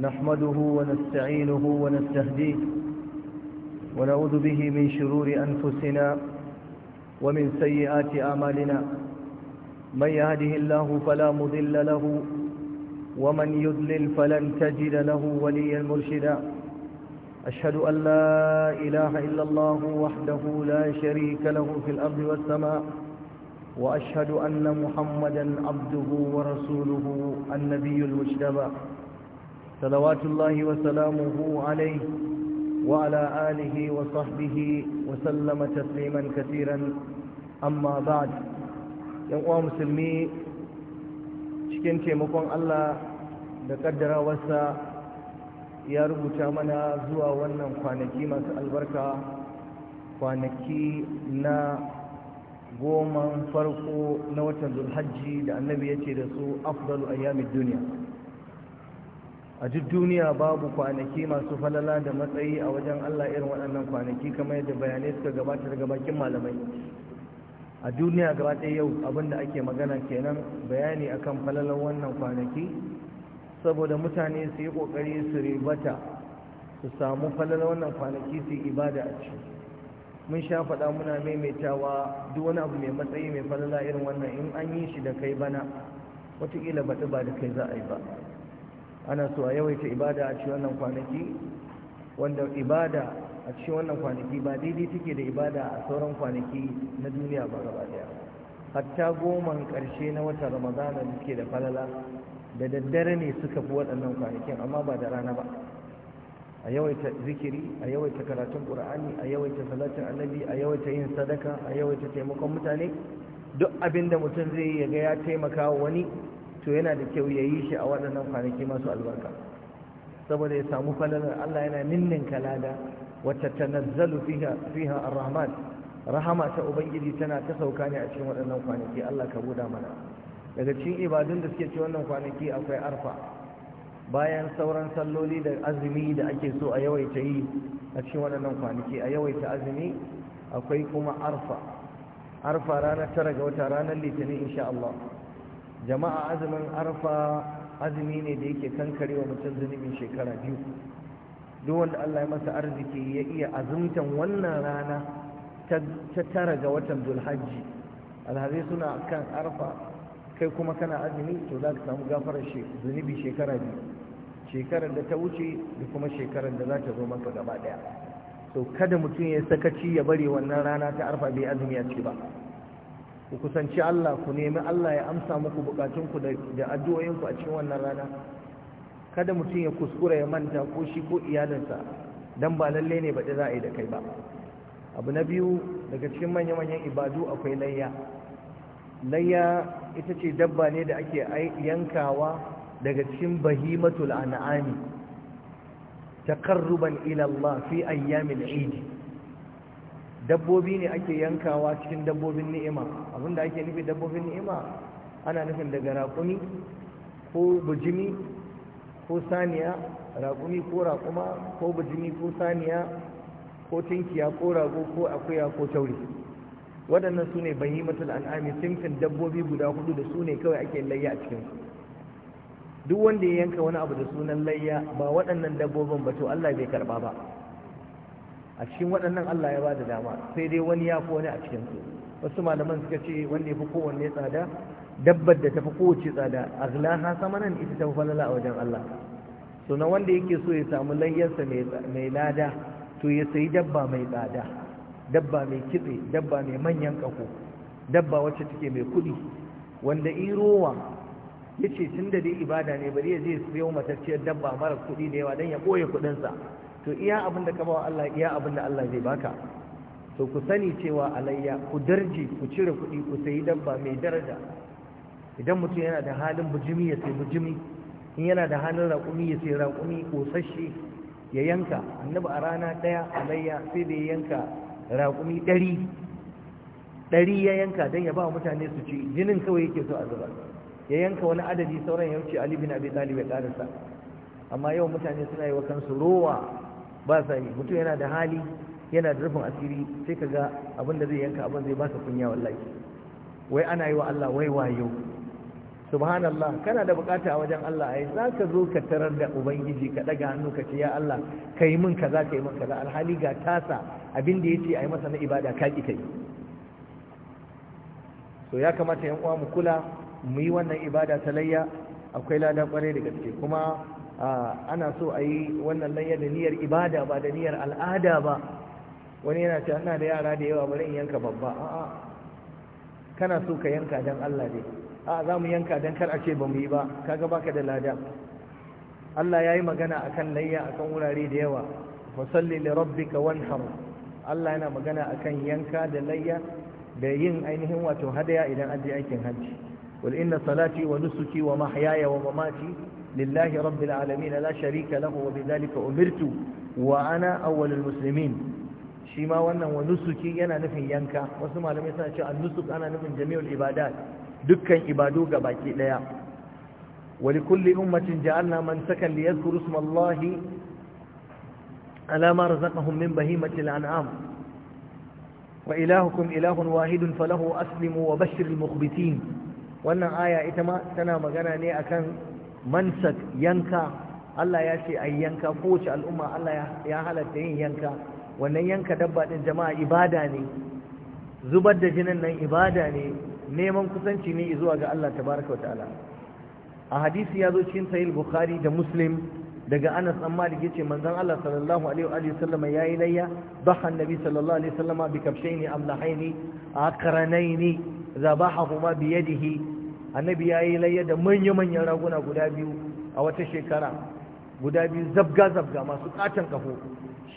نحمده ونستعينه ونستهديه ونعوذ به من شرور أنفسنا ومن سيئات أعمالنا من يهده الله فلا مضل له ومن يضلل فلن تجد له وليا مرشدا أشهد أن لا إله إلا الله وحده لا شريك له في الأرض والسماء وأشهد أن محمدا عبده ورسوله النبي المجتبى صلوات الله وسلامه عليه وعلى آله وصحبه وسلم تسليما كثيرا أما بعد يوم مسلمي شكنت مقوم الله بقدر وسا يا رب تامنا زوا ونم خانكي مس البركة خانكي نا قوما فرقو نوة الحج لأن نبيتي رسول أفضل أيام الدنيا a duk duniya babu kwanaki masu falala da matsayi a wajen Allah irin waɗannan kwanaki kamar yadda bayanai suka gabata daga bakin malamai a duniya gaba ɗaya yau abinda ake magana kenan bayani akan falalar wannan kwanaki saboda mutane su yi ƙoƙari su ribata su samu falalar wannan kwanaki su ibada a ciki mun sha faɗa muna maimaitawa duk wani abu mai matsayi mai falala irin wannan in an yi shi da kai bana wataƙila baɗi ba da kai za a yi ba ana so a yawaita ibada a cikin wannan kwanaki wanda ibada a cikin wannan kwanaki ba daidai take da ibada a sauran kwanaki na duniya ba gaba daya hatta goma karshe na watan ramadana da suke da falala da daddare ne suka fi waɗannan kwanakin amma ba da rana ba a yawaita zikiri a yawaita karatun ƙur'ani a yawaita salatin annabi a yawaita yin sadaka a yawaita taimakon mutane duk abin da mutum zai yi ya taimaka wani to yana da kyau ya yi shi a waɗannan kwanaki masu albarka saboda ya samu falalar Allah yana ninnin kalada wacce ta nazzalu fiha ar-rahman rahama ta ubangiji tana ta sauka ne a cikin waɗannan kwanaki Allah ka buɗa mana daga cikin ibadun da suke ci wannan kwanaki akwai arfa bayan sauran salloli da azumi da ake so a yawaita yi a cikin waɗannan kwanaki a yawaita azumi akwai kuma arfa arfa ranar tara ga wata ranar litinin insha Allah jama'a azumin arfa azumi ne da yake kankare wa mutum zunubin shekara biyu duk wanda Allah ya masa arziki ya iya azumtan wannan rana ta tara ga watan dulhajji alhazai suna kan arfa kai kuma kana azumi to za ka samu gafarar zunubi shekara biyu shekarar da ta wuce da kuma shekarar da za ta zo maka gaba daya so kada mutum ya sakaci ya bari wannan rana ta arfa bai azumi a ci ba ku kusanci Allah ku nemi Allah ya amsa muku bukatun bukatunku da addu'o'inku a cikin wannan rana kada mutum ya kuskura ya manta ko shi ko iyalinsa dan ba lalle ne baɗi za a yi da kai ba abu na biyu daga cikin manya-manyan ibadu akwai layya layya ita ce dabba ne da ake yankawa daga cikin bahimatul an'ami taqarruban ila Allah fi ayyamil eid dabbobi ne ake yankawa cikin dabbobin ni'ima abinda ake nufi dabbobin ni'ima ana nufin daga raƙumi ko bujimi ko saniya raƙumi ko raƙuma ko bujimi ko saniya ko tinkiya ko rago ko akuya ko tauri waɗannan su ne matul al'ami simfin dabbobi guda hudu da su ne kawai ake layya a cikinsu duk wanda ya yanka wani abu da sunan layya ba waɗannan dabbobin ba to Allah bai karɓa ba a cikin waɗannan Allah ya ba da dama sai dai wani ya fi wani a cikin su wasu malaman suka ce wanda ya fi kowanne tsada dabbar da ta fi kowace tsada sama nan ita ta fi falala a wajen Allah so na wanda yake so ya samu layyarsa mai lada to ya sayi dabba mai tsada dabba mai kitse dabba mai manyan ƙaho dabba wacce take mai kuɗi wanda irowa ya ce tun da dai ibada ne bari ya je siyo matacciyar dabba mara kuɗi da yawa don ya ɓoye kuɗinsa to iya abin da ka ba wa Allah iya abin da Allah zai baka to ku sani cewa alayya ku darji ku cire kuɗi ku sayi dabba mai daraja idan mutum yana da halin bujimi ya sai bujimi in yana da halin raƙumi ya sai raƙumi ƙosashe ya yanka annabi a rana ɗaya alayya sai da ya yanka raƙumi ɗari ɗari ya yanka don ya ba mutane su ci jinin kawai yake so a zuba ya yanka wani adadi sauran ya wuce ali bin abi talib ya ƙarasa amma yau mutane suna yi wa kansu rowa ba sa yi mutum yana da hali yana da rufin asiri sai ka ga abin zai yanka abin zai ba sa kunya wallahi wai ana yi wa Allah wai wayo subhanallah kana da bukata a wajen Allah ai ka zo ka tarar da ubangiji ka daga hannu ka ce ya Allah kai min kaza kai min kaza alhali ga tasa abin da yace ai masa na ibada ka ki kai to ya kamata yan uwa mu kula mu yi wannan ibada ta akwai ladan kware da gaske kuma ana so a yi wannan layar da niyyar ibada ba da niyyar al'ada ba wani yana ce ana da yara da yawa bari in yanka babba a'a kana so ka yanka don Allah dai a'a za mu yanka don kar a ce ba mu yi ba kaga baka da lada Allah ya yi magana akan layya akan wurare da yawa fasalli li rabbika wanhar Allah yana magana akan yanka da layya da yin ainihin wato hadaya idan an je aikin hajji wal inna salati wa nusuki wa mahyaya wa mamati لله رب العالمين لا شريك له وبذلك أمرت وأنا أول المسلمين شما وانا ونسكي ينا نفي ينكا وسمع لم يسأل النسك أنا نفي جميع العبادات دكا عبادوك باكي ليا ولكل أمة جعلنا من سكن ليذكر اسم الله على ما رزقهم من بهيمة الأنعام وإلهكم إله واحد فله أسلم وبشر المخبتين wannan آية إتما ma tana magana ne mansak yanka Allah ya ce ai yanka kowace al'umma Allah ya halatta yin yanka wannan yanka dabba din jama'a ibada ne zubar da jinin nan ibada ne neman kusanci ne zuwa ga Allah tabaraka ta'ala a hadisi ya zo cikin sahih bukhari da muslim daga Anas dan Malik yace manzon Allah sallallahu alaihi wa sallama yayi layya dhaha annabi sallallahu alaihi wa sallama bi kabshaini amlahaini akranaini zabahahuma bi yadihi annabi ya yi layya da manya-manyan raguna guda biyu a wata shekara guda biyu zabga-zabga masu katon kafo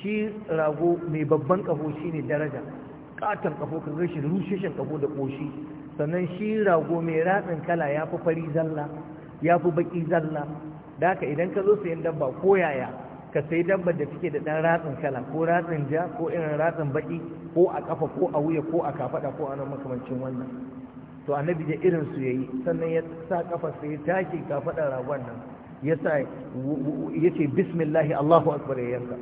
shi rago mai babban kafo ne daraja katon kafo kan gashi da kafo da ƙoshi sannan shi rago mai ratsin kala ya fi fari zalla ya fi baƙi zalla da haka idan ka zo sayan dabba ko yaya ka sayi dabba da take da ɗan ratsin kala ko ratsin ja ko irin ratsin baƙi ko a ƙafa ko a wuya ko a kafaɗa ko a nan makamancin wannan to annabi da irin su yayi sannan ya sa kafarsa ya tashi kafaɗar ragon nan ya sa ya ce bismillahi allahu akbar ya yanka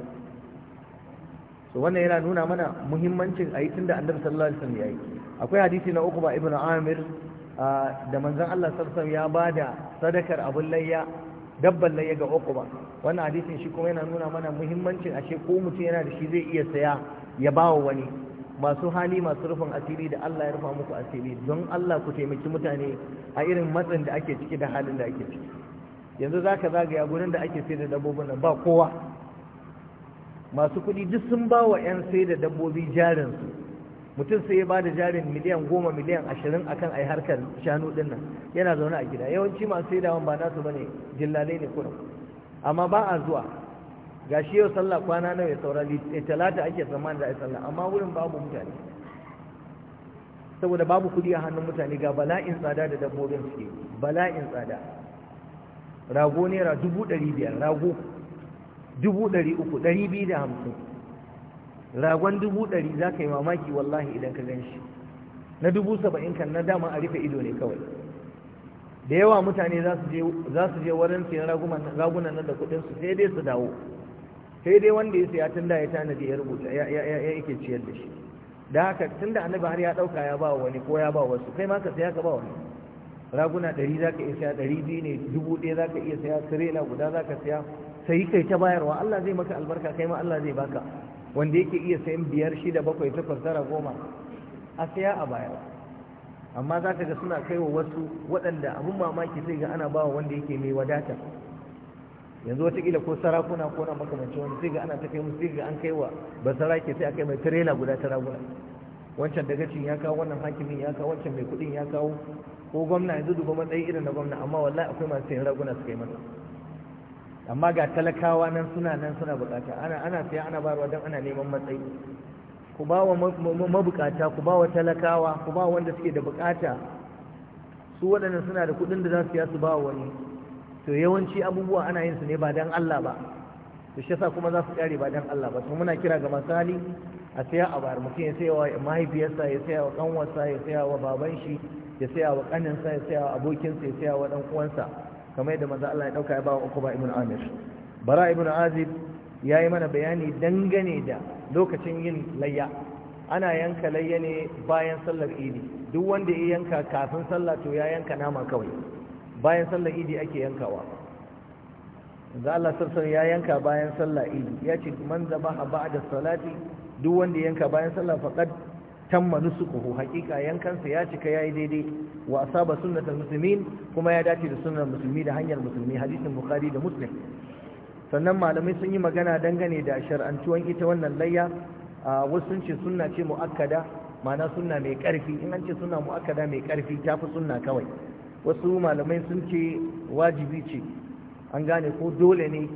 so wannan yana nuna mana muhimmancin a yi tun da annabi sallallahu alaihi wasallam ya yi akwai hadisi na uku ba ibnu amir da manzon allah sallallahu ya ba da sadakar abun layya dabban layya ga uku ba wannan hadisin shi kuma yana nuna mana muhimmancin ashe ko mutum yana da shi zai iya saya ya bawa wani masu hali masu rufin asiri da Allah ya rufa muku asiri don Allah ku taimaki mutane a irin matsin da ake ciki da halin da ake ciki yanzu za ka zagaya gurin da ake sai da dabbobin nan ba kowa masu kuɗi duk sun ba wa 'yan sai da dabbobi jarinsu mutum sai ya ba da jarin miliyan goma miliyan ashirin akan a yi harkar shanu dinnan, yana zaune a gida yawanci masu sai da ba nasu ba ne jillalai ne kuna amma ba a zuwa Ga shi yau sallah kwana nawa ya saura eh, talata ake tsammanin da ai sallah amma wurin babu mutane saboda babu kudi a hannun mutane ga bala'in tsada da dabbobin suke bala'in tsada rago naira dubu ɗari biyar rago dubu ɗari uku ɗari biyu da hamsin ragon dubu ɗari za ka yi mamaki wallahi idan ka gan shi na dubu saba'in kan na dama a rufe ido ne kawai da yawa mutane za su je wurin siyan ragunan nan da kudinsu sai dai su dawo sai dai wanda ya saya tun da ya tanadi ya rubuta ya yake ciyar da shi da haka tun da annabi har ya ɗauka ya ba wani ko ya ba wasu kai ma ka saya ka ba wani raguna ɗari za ka iya saya ɗari biyu ne dubu ɗaya za ka iya saya Sirena guda za ka saya sai kai ta bayarwa Allah zai maka albarka kai ma Allah zai baka wanda yake iya sayan biyar shida bakwai takwas tara goma a saya a bayar amma za ga suna kaiwa wasu waɗanda abin mamaki sai ga ana bawa wanda yake mai wadata yanzu watakila ko sarakuna ko na makamancin wani sai ga ana ta kai musu sai ga an kai wa ba sarake sai aka mai tirela guda ta raguna wancan dagacin ya kawo wannan hakimin ya kawo wancan mai kudin ya kawo ko gwamna yanzu duba matsayi irin na gwamna amma wallahi akwai masu sayan raguna su kai masa amma ga talakawa nan suna nan suna bukata ana ana saya ana barwa don ana neman matsayi ku ba wa mabukata ku ba wa talakawa ku ba wanda suke da bukata su waɗannan suna da kuɗin da za su ya su ba wani to yawanci abubuwa ana yin su ne ba dan Allah ba to shi yasa kuma za su kare ba dan Allah ba to muna kira ga masu hali a saya a bayar mutum ya saya wa mahaifiyarsa ya saya wa kanwarsa ya saya wa baban shi ya saya wa kaninsa ya saya wa abokinsa ya saya wa dan uwansa kamar yadda manzo Allah ya dauka ya ba wa ba ibnu Amir Bara ibn Azib yayi mana bayani dangane da lokacin yin layya ana yanka layya ne bayan sallar idi duk wanda ya yanka kafin sallah to ya yanka nama kawai bayan sallar idi ake yankawa za Allah sarsan ya yanka bayan sallar idi ya ce man zama a da salati duk wanda yanka bayan sallar faƙad tamma nusukuhu haƙiƙa yankansa ya cika yayi daidai wa asaba sunnata muslimin kuma ya dace da sunnar musulmi da hanyar musulmi hadisin bukhari da muslim sannan malamai sun yi magana dangane da shar'antuwan ita wannan layya wasu sun ce sunna ce mu'akkada ma'ana sunna mai ƙarfi in an ce sunna mu'akkada mai ƙarfi ta fi sunna kawai wasu malamai sun ce wajibi ce an gane ko dole ne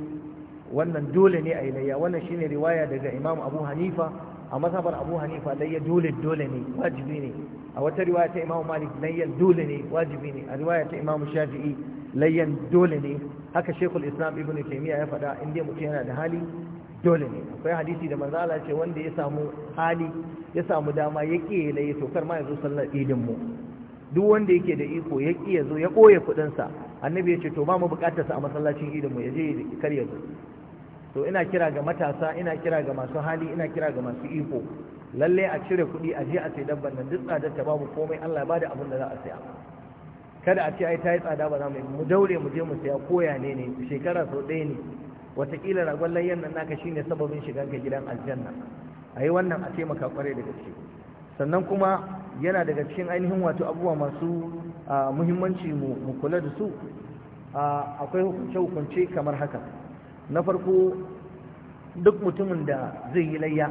wannan dole ne a yi layya wannan shine riwaya daga imam abu hanifa a masabar abu hanifa layya dole dole ne wajibi ne a wata riwaya ta imam malik layyan dole ne wajibi ne a riwaya ta imam shafi'i layyan dole ne haka shekul islam ibn taymiya ya faɗa in dai mutum yana da hali dole ne akwai hadisi da manzo Allah ce wanda ya samu hali ya samu dama ya ke layya to kar ma ya zo sallar idin mu duk wanda yake da iko ya ki ya zo ya ɓoye kuɗinsa annabi ya ce to ba mu sa a masallacin idan mu ya je kar ya zo to ina kira ga matasa ina kira ga masu hali ina kira ga masu iko lalle a cire kuɗi a je a sai dabban nan duk tsada ta babu komai Allah ba da abin da za a saya kada a ce ai ta yi tsada ba za mu mu daure mu je mu saya koya ne ne shekara sau ɗaya ne wataƙila ragon layyan nan naka shine sababin shiganka gidan aljanna a yi wannan a taimaka kwarai da gaske sannan kuma yana daga cikin ainihin wato abubuwa masu muhimmanci mu kula da su akwai hukunce-hukunce kamar haka na farko duk mutumin da zai yi layya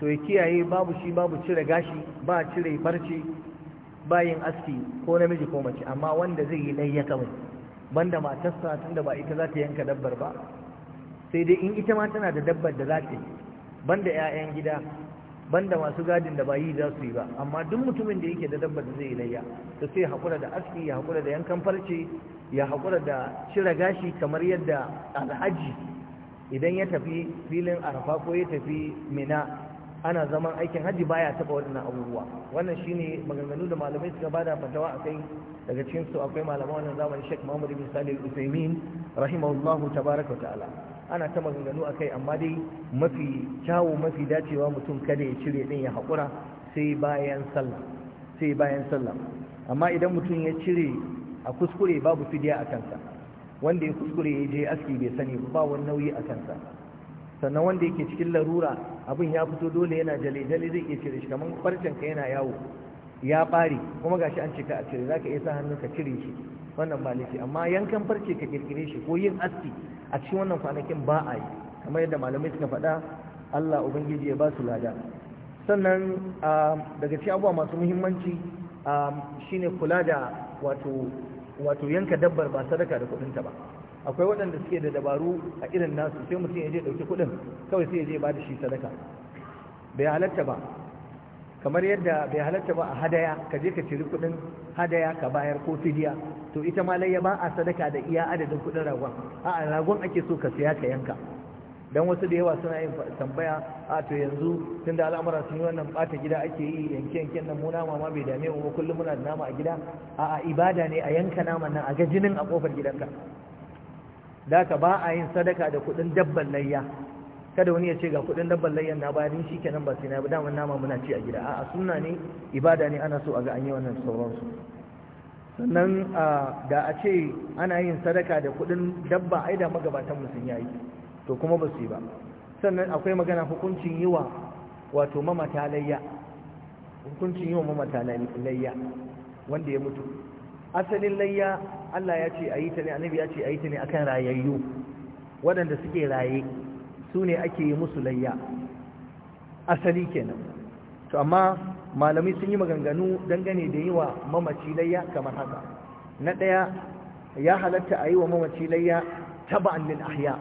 to ya kiyaye babu shi babu cire gashi ba cire farce bayin aski ko namiji ko mace amma wanda zai yi layya kawai banda matarsa tunda ba ita za ta yanka dabbar ba sai dai in ita ma tana da dabbar da za ta yi banda 'ya'yan gida banda masu gadin da ba yi za su yi ba amma duk mutumin da yake da dabbar da zai yi layya to sai haƙura da aski ya haƙura da yankan farce ya haƙura da cire gashi kamar yadda alhaji idan ya tafi filin arafa ko ya tafi mina ana zaman aikin hajji baya taɓa waɗannan abubuwa wannan shine maganganu da malamai suka bada fatawa a daga cikin su akwai malaman wannan zamani Sheikh Muhammad bin Salih Al-Utsaimin rahimahullahu tabaraka ta'ala ana ta maganganu akai amma dai mafi mafi dacewa mutum kada ya cire din ya haƙura sai bayan sallah sai bayan sallah amma idan mutum ya cire a kuskure babu fidiya a kansa wanda ya kuskure ya je aski bai sani ba wani nauyi a kansa sannan wanda yake cikin larura abin ya fito dole yana jale-jale zai iya cire shi kamar farcen ka yana yawo ya ɓare kuma gashi an cika a cire zaka iya sa hannunka ka cire shi wannan ba laifi amma yankan farce ka kirkire shi ko yin aski a cikin wannan kwanakin ba a yi kamar yadda malamai suka faɗa Allah ubangiji ya ba su lada sannan daga cikin abubuwa masu muhimmanci shine kula da wato wato yanka dabbar ba sadaka da kuɗinta ba akwai waɗanda suke da dabaru a irin nasu sai mutum ya je ɗauki kuɗin kawai sai ya je ba da shi sadaka bai halatta ba kamar yadda bai halatta ba a hadaya ka je ka ciri kudin hadaya ka bayar ko fidiya to ita ma layya ba a sadaka da iya adadin kudin ragon a ragon ake so ka siya ka yanka dan wasu da yawa suna yin tambaya a to yanzu tun da al'amura sun yi wannan bata gida ake yi yanke yanke nan mu nama ma bai dame mu kullum muna da nama a gida a a ibada ne a yanka naman nan a ga jinin a kofar gidanka da ka ba a yin sadaka da kudin dabban layya kada wani ya ce ga kudin dabban layyan na bayan shi kenan ba sai na dama nama muna ci a gida a suna ne ibada ne ana so a ga an yi wannan sauransu sannan da a ce ana yin sadaka da kudin dabba ai da magabatan mu yayi to kuma ba su yi ba sannan akwai magana hukuncin yi wa wato mamata layya hukuncin yi mamata wanda ya mutu asalin layya Allah ya ce a yi ta ne annabi ya ce a yi ta ne akan rayayyu waɗanda suke raye su ne ake yi musu layya asali kenan to amma malami sun yi maganganu dangane da yiwa wa mamaci layya kamar haka na ɗaya ya halatta a yi wa mamaci layya taba'an lil ahya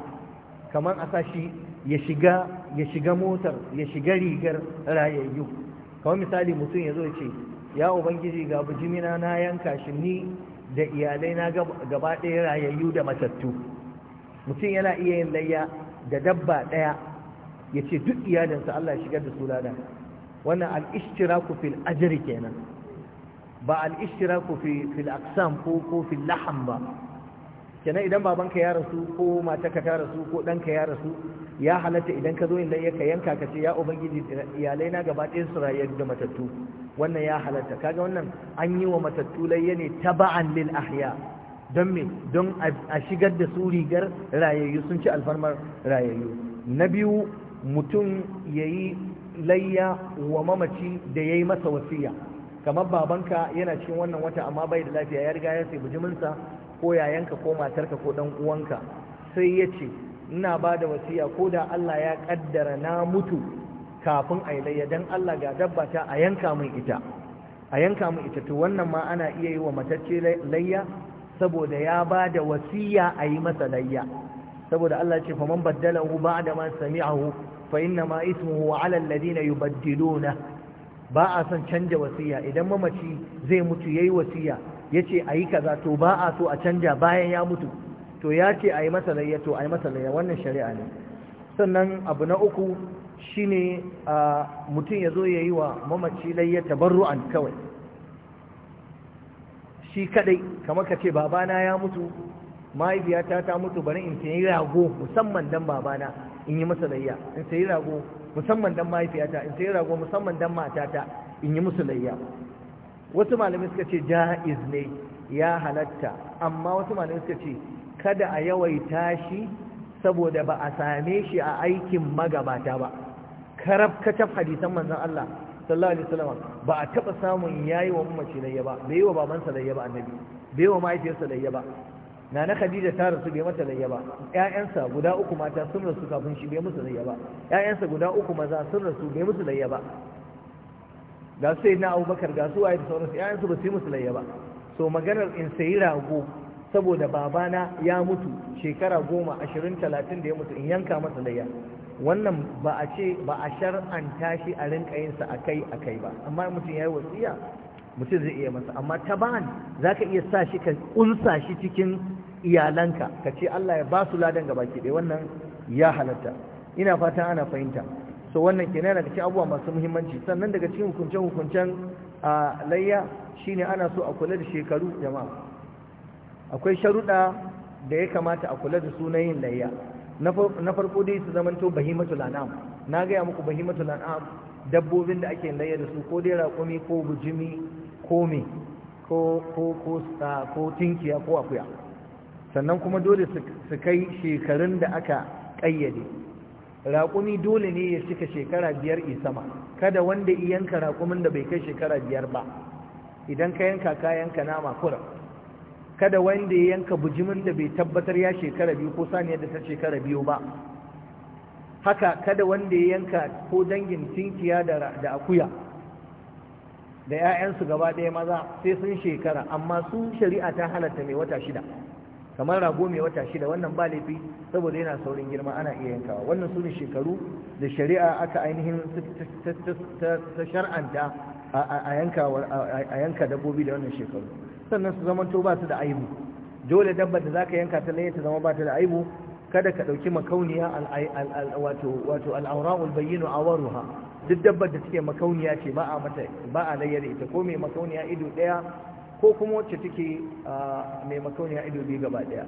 kamar a sashi ya shiga ya shiga motar ya shiga rigar rayayyu kamar misali mutum ya zo ce ya ubangiji ga jimina na yanka shi ni da iyalai na gaba ɗaya rayayyu da matattu mutum yana iya yin layya da dabba ɗaya ya ce duk iyalinsa Allah ya shigar da su lada wannan al'ishtiraku fil ajri kenan ba al'ishtiraku fil aqsam ko ko fil laham ba kenan idan babanka ya rasu ko matarka ta rasu ko ɗanka ya rasu ya halatta idan ka zo inda ya ka yanka ka ce ya ubangiji iyalai na gaba ɗaya su rayar da matattu wannan ya halatta kaga wannan an yi wa matattu layya ne taba'an lil ahya don me don a shigar da su rigar rayayyu sun ci alfarmar rayayyu na biyu mutum ya yi layya wa mamaci da ya yi masa wasiya kamar babanka yana cikin wannan wata amma bai da lafiya ya riga ya sai bujiminsa ko yayanka ko matarka ko dan uwanka sai ya ce ina ba da wasiya ko da Allah ya kaddara na mutu kafin a layya Don Allah ga dabba ta a yanka min ita a yanka min ita to wannan ma ana iya yi wa matacce layya saboda ya ba da wasiya a yi masa layya saboda Allah ya ce fa man baddalahu ba'da ma sami'ahu fa inna ma ismuhu 'ala alladhina yubaddiluna ba a son canja wasiya idan mamaci zai mutu yayi wasiya yace ayi kaza to ba a so a canja bayan ya mutu to ya ce ayi masa layya to ayi masa layya wannan shari'a ne sannan abu na uku shine mutum ya zo yayi wa mamaci layya tabarru'an kawai shi kadai kamar ka ce babana ya mutu mahaifiyata ta mutu bari in sayi rago musamman dan babana in yi masa layya in sayi rago musamman dan mahaifiyata in sayi rago musamman dan matata in yi musu layya wasu malamai suka ce ja'iz ne ya halatta amma wasu malamai suka ce kada a yawaita shi saboda ba a same shi a aikin magabata ba karab kacaf hadisan manzon Allah sallallahu alaihi wasallam ba a taba samun yayi wa ummaci layya ba bai wa babansa layya ba annabi bai wa mahaifiyarsa layya ba nana khadija ta rasu bai mata layya ba ƴaƴansa guda uku mata sun rasu kafin shi bai musu layya ba ƴaƴansa guda uku maza sun rasu bai musu layya ba ga sai na abubakar ga su waye da sauransu ƴaƴansu ba su yi musu layya ba so maganar in sayi rago saboda babana ya mutu shekara goma ashirin talatin da ya mutu in yanka masa layya wannan ba a ce ba a shar'anta shi a rinka yin sa akai akai ba amma mutum ya yi wasiya mutum zai iya masa amma ta za ka iya sa shi ka kunsa shi cikin iyalanka ka ce Allah ya ba su ladan gaba baki ɗaya wannan ya halatta ina fatan ana fahimta so wannan ke daga cikin abubuwa masu muhimmanci sannan daga cikin hukuncen hukuncen a layya shine ana so a kula da shekaru jama'a akwai sharuɗa da ya kamata a kula da sunayin layya na farko dai su zamanto bahimatul an'am na gaya muku bahimatul an'am dabbobin da ake layar da su ko dai raƙumi ko bujimi ko me ko ko ko ko tinkiya ko akuya sannan kuma dole su kai shekarun da aka ƙayyade raƙumi dole ne ya cika shekara biyar isama kada wanda iyanka raƙumin da bai kai shekara biyar ba idan ka yanka ka nama kurar kada wanda ya yanka bujimin da bai tabbatar ya shekara biyu ko saniya da ta shekara biyu ba haka kada wanda ya yanka ko dangin tinkiya da akuya da 'ya'yansu gaba ɗaya maza sai sun shekara amma sun shari'a ta halatta mai wata shida kamar rago mai wata shida wannan ba laifi saboda yana saurin girma ana iya yankawa wannan su ne shekaru da shari'a aka ainihin ta shar'anta a yanka dabbobi da wannan shekaru sannan su zamanto ba su da aibu dole dabbar da zaka yanka ta laye ta zama ba ta da aibu kada ka dauki makauniya wato wato al-awra'ul bayyinu awaruha duk dabbar da take makauniya ce ba a mata ba a layyar ita ko mai makauniya ido daya ko kuma wacce take mai makauniya ido biyu gaba ɗaya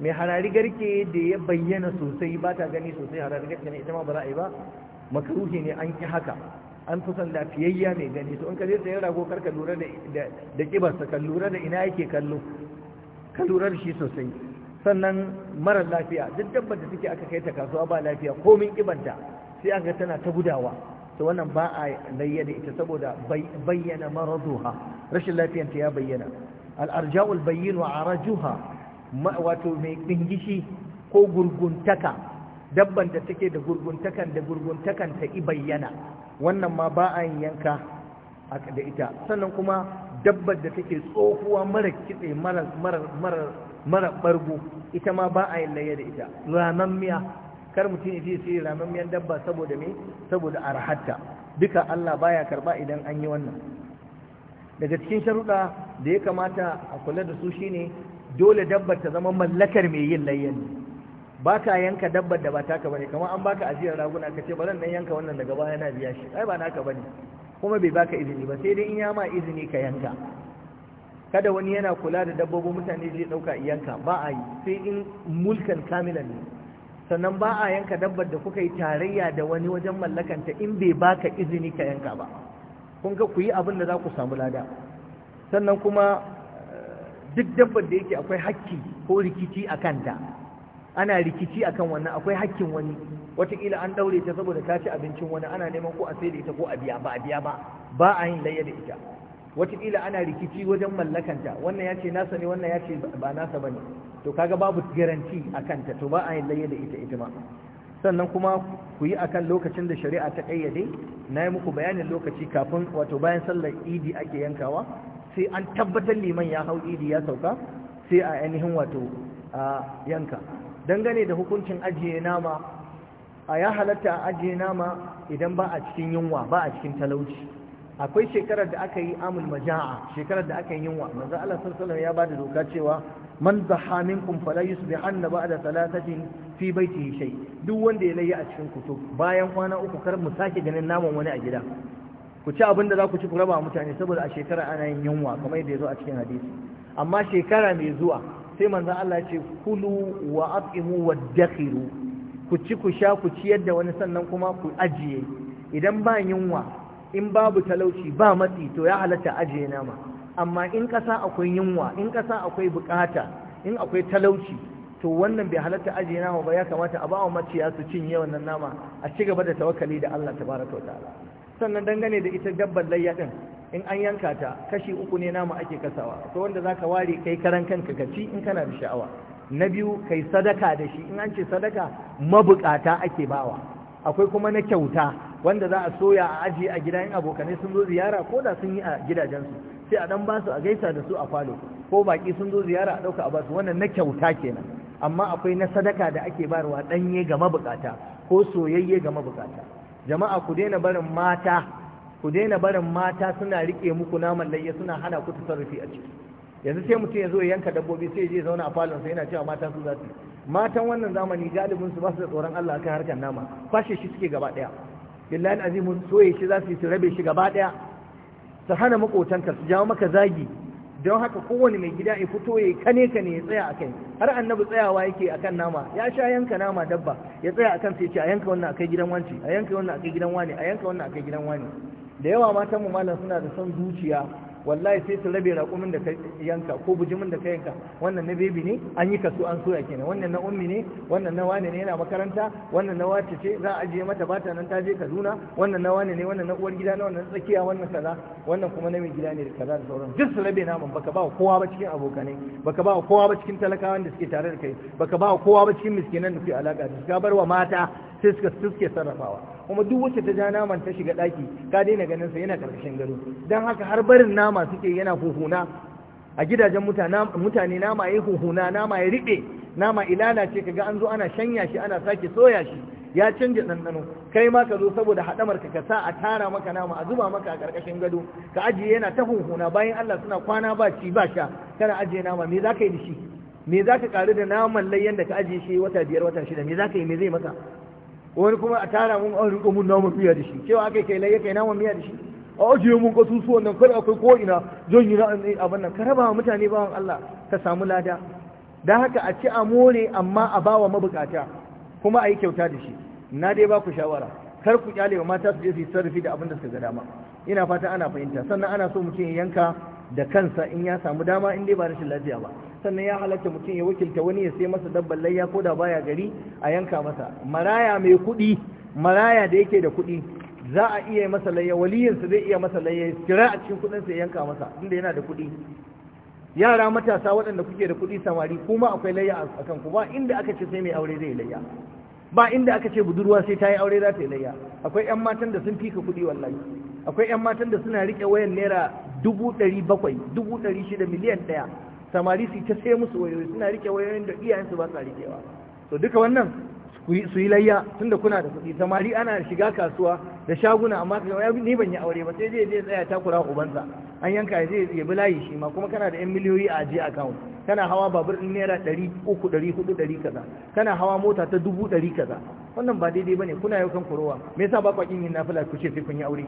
mai harari garke da ya bayyana sosai ba ta gani sosai harari garke ne ita ma ba za a yi ba makaruhi ne an ki haka an fi son lafiyayya mai gani to in ka je sayan rago kar ka lura da kibarsa ka lura da ina yake kallo ka lura da shi sosai sannan mara lafiya duk dabbar da take aka kai ta kasuwa ba lafiya komin kibanta sai ga tana ta gudawa to wannan ba a layyana ita saboda bayyana maraduha rashin lafiyanta ya bayyana al'arja'ul bayyin wa arajuha wato mai dingishi ko gurguntaka dabban da take da gurguntakan da gurguntakan ta i bayyana wannan ma ba a yin yanka da ita sannan kuma dabbar da take tsohuwa mara kitse mara ɓargo ita ma ba a yin layya da ita miya, kar mutum ya fiye sai miyan dabba saboda me saboda arhatta duka Allah baya karɓa idan an yi wannan daga cikin sharuɗa da ya kamata a kula da su shine dole dabbar ta zama mallakar mai yin layyan ba ka yanka dabbar da ba taka bane kamar an baka ajiyar raguna ka ce ba zan yanka wannan daga baya na biya shi ai ba naka bane kuma bai baka izini ba sai dai in ya ma izini ka yanka kada wani yana kula da dabbobin mutane zai dauka yanka ba a yi sai in mulkan kamilan ne sannan ba a yanka dabbar da kuka yi tarayya da wani wajen mallakanta in bai baka izini ka yanka ba kun ga ku yi abin da za ku samu lada sannan kuma eh, duk dabbar da yake akwai hakki ko rikici a kanta ana rikici akan wannan akwai hakkin wani wataƙila an ɗaure ta saboda ta ci abincin wani ana neman ko a sai da ita ko a biya ba a biya ba ba a yin layya da ita wataƙila ana rikici wajen mallakanta wannan ya ce nasa ne wannan ya ce ba nasa ba ne to kaga babu garanti a kanta to ba a yin layya da ita ita ma sannan kuma ku yi akan lokacin da shari'a ta kayyade na yi muku bayanin lokaci kafin wato bayan sallar idi ake yankawa sai an tabbatar liman ya hau idi ya sauka sai a ainihin wato yanka dangane da hukuncin ajiye nama a ya halatta a ajiye nama idan ba a cikin yunwa ba a cikin talauci akwai shekarar da aka yi amul maja'a shekarar da aka yi yunwa manzo Allah sallallahu ya bada doka cewa man dhaha minkum fala yusbihanna ba'da thalathatin fi baitihi shay duk wanda ya layi a cikin kuto bayan kwana uku kar mu sake ganin naman wani a gida ku ci abinda za ku ci ku raba mutane saboda a shekara ana yin yunwa kamar yadda ya zo a cikin hadisi amma shekara mai zuwa sai manzan Allah ce kulu wa at'imu wa dakhiru ku ci ku sha ku ciyar da wani sannan kuma ku ajiye idan ba yunwa in babu talauci ba matsi to ya halatta ajiye nama amma in kasa akwai yunwa in ƙasa akwai bukata in akwai talauci to wannan bai halatta ajiye nama ba ya kamata a bawa maciya su cinye wannan nama a ci gaba da tawakkali da Allah tabaraka wa ta'ala sannan dangane da ita dabbar layya din in an yanka ta kashi uku ne namu ake kasawa to wanda ka ware kai karan kanka ka ci in kana da sha'awa na biyu kai sadaka da shi in an ce sadaka mabukata ake bawa akwai kuma na kyauta wanda za a soya a aji a gida in abokanai sun zo ziyara ko da sun yi a gidajensu sai a dan ba su a gaisa da su a falo ko baki sun zo ziyara a dauka a basu wannan na kyauta kenan amma akwai na sadaka da ake bayarwa danye ga mabukata ko soyayye ga mabukata jama'a ku daina barin mata ku daina barin mata suna rike muku naman layya suna hana ku tasarrufi a ciki yanzu sai mutum ya zo ya yanka dabbobi sai ya je zauna a falon sa yana cewa mata su za su matan wannan zamani galibin su ba su da tsoron Allah kai harkar nama fashe shi suke gaba daya billahi azimu soye shi za su yi su rabe shi gaba daya su hana makotanka su jawo maka zagi don haka kowane mai gida ya fito ya kane ne ya tsaya a kai. har annabi tsayawa yake akan nama ya sha yanka nama dabba ya tsaya a kan sai ce a yanka wannan a kai gidan wanci a yanka wannan kai gidan wani a yanka wannan kai gidan wani da yawa matan mu malam suna da son zuciya wallahi sai su rabe raƙumin da ka yanka ko bujimin da ka yanka wannan na bebi ne an yi kaso an soya kenan wannan na ummi ne wannan na wane ne yana makaranta wannan na wace ce za a ajiye mata bata nan ta je Kaduna wannan na wane ne wannan na uwar gida na wannan tsakiya wannan kaza wannan kuma na mai gida ne da kaza da sauran duk su rabe naman baka ba kowa ba cikin abokanai baka ba kowa ba cikin talakawan da suke tare da kai baka ba kowa ba cikin miskinan da suke alaka da su bar wa mata sai suka suke sarrafawa kuma duk wacce ta ja naman ta shiga daki, ka daina ganin sa yana karkashin gado dan haka har barin nama suke yana huhuna a gidajen mutane nama ya huhuna nama ya riɓe nama ilala ce kaga an zo ana shanya shi ana sake soya shi ya canja ɗanɗano kai ma ka zo saboda haɗamar ka sa a tara maka nama a zuba maka a ƙarƙashin gado ka ajiye yana ta huhuna bayan Allah suna kwana ba ci ba sha kana ajiye nama me za ka yi da shi me za ka ƙaru da naman layyan da ka ajiye shi wata biyar wata shida me za ka yi me zai maka wani kuma a tara mun an riko mun naman miya da shi cewa aka kai laye kai naman miya da shi a ajiye mun kasusuwan nan kada akwai ko ina zan yi na abin nan ka raba mutane bawan Allah ka samu lada da haka a ci a more amma a bawa mabukata kuma a yi kyauta da shi na dai ba ku shawara kar ku kyale wa mata su je su yi sarrafi da abin da suka ga dama ina fata ana fahimta sannan ana so mutum ya yanka da kansa in ya samu dama in dai ba rashin lafiya ba sannan ya halatta mutum ya wakilta wani ya sai masa dabban layya ko da baya gari a yanka masa maraya mai kuɗi maraya da yake da kuɗi za a iya masa layya waliyinsa zai iya masa layya kira a cikin kuɗinsa ya yanka masa inda yana da kuɗi yara matasa waɗanda kuke da kuɗi samari kuma akwai layya a kanku ba inda aka ce sai mai aure zai layya ba inda aka ce budurwa sai ta yi aure za ta yi layya akwai 'yan matan da sun fika kuɗi wallahi akwai 'yan matan da suna riƙe wayan naira dubu ɗari bakwai dubu ɗari shida miliyan ɗaya samari su ta sai musu wayoyi suna rike wayoyin da iyayensu ba sa rikewa to duka wannan su yi layya tunda kuna da kuɗi samari ana shiga kasuwa da shaguna amma ka ya ni ban yi aure ba sai zai je tsaya takura ubansa an yanka ya zai bi layi shi ma kuma kana da yan miliyoyi a ajiye account kana hawa babur din naira ɗari uku ɗari hudu ɗari kaza kana hawa mota ta dubu ɗari kaza wannan ba daidai bane kuna yau kan kurowa me yasa ba kwakin yin nafila kuce sai kun yi aure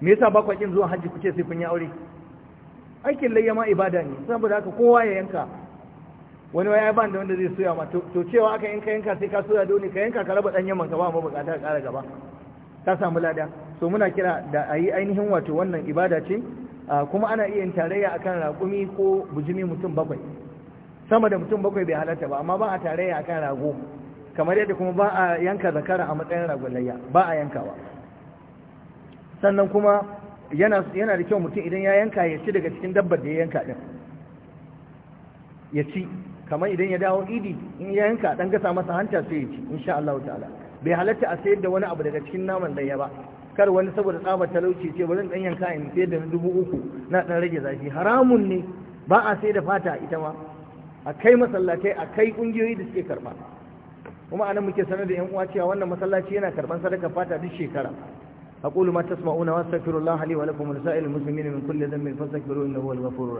me yasa ba kwakin zuwa hajji kuce sai kun yi aure aikin layya ma ibada ne saboda haka kowa ya yanka wani waya ban da wanda zai soya ma to cewa aka yanka yanka sai ka soya doni ka yanka ka raba danyen manka gaba ma bukata ka kara gaba ta samu lada so muna kira da ayi ainihin wato wannan ibada ce kuma ana iya yin tarayya akan raƙumi ko bujimi mutum bakwai sama da mutum bakwai bai halarta ba amma ba a tarayya akan rago kamar yadda kuma ba a yanka zakara a matsayin ragon ba a yankawa sannan kuma yana da kyau mutum idan ya yanka ya ci daga cikin dabbar da ya yanka din ya ci kamar idan ya dawo idi in ya yanka dan gasa masa hanta sai ya ci insha Allah ta'ala bai halatta a sayar da wani abu daga cikin naman ya ba kar wani saboda tsabar talauci ce bari dan yanka in sayar da dubu uku na dan rage zafi haramun ne ba a sayar da fata ita ma a kai masallatai a kai kungiyoyi da suke karba kuma anan muke sanar da yan uwa cewa wannan masallaci yana karban sadaka fata duk shekara أقول ما تسمعون وأستغفر الله لي ولكم ولسائر المسلمين من كل ذنب فاستغفروه إنه هو الغفور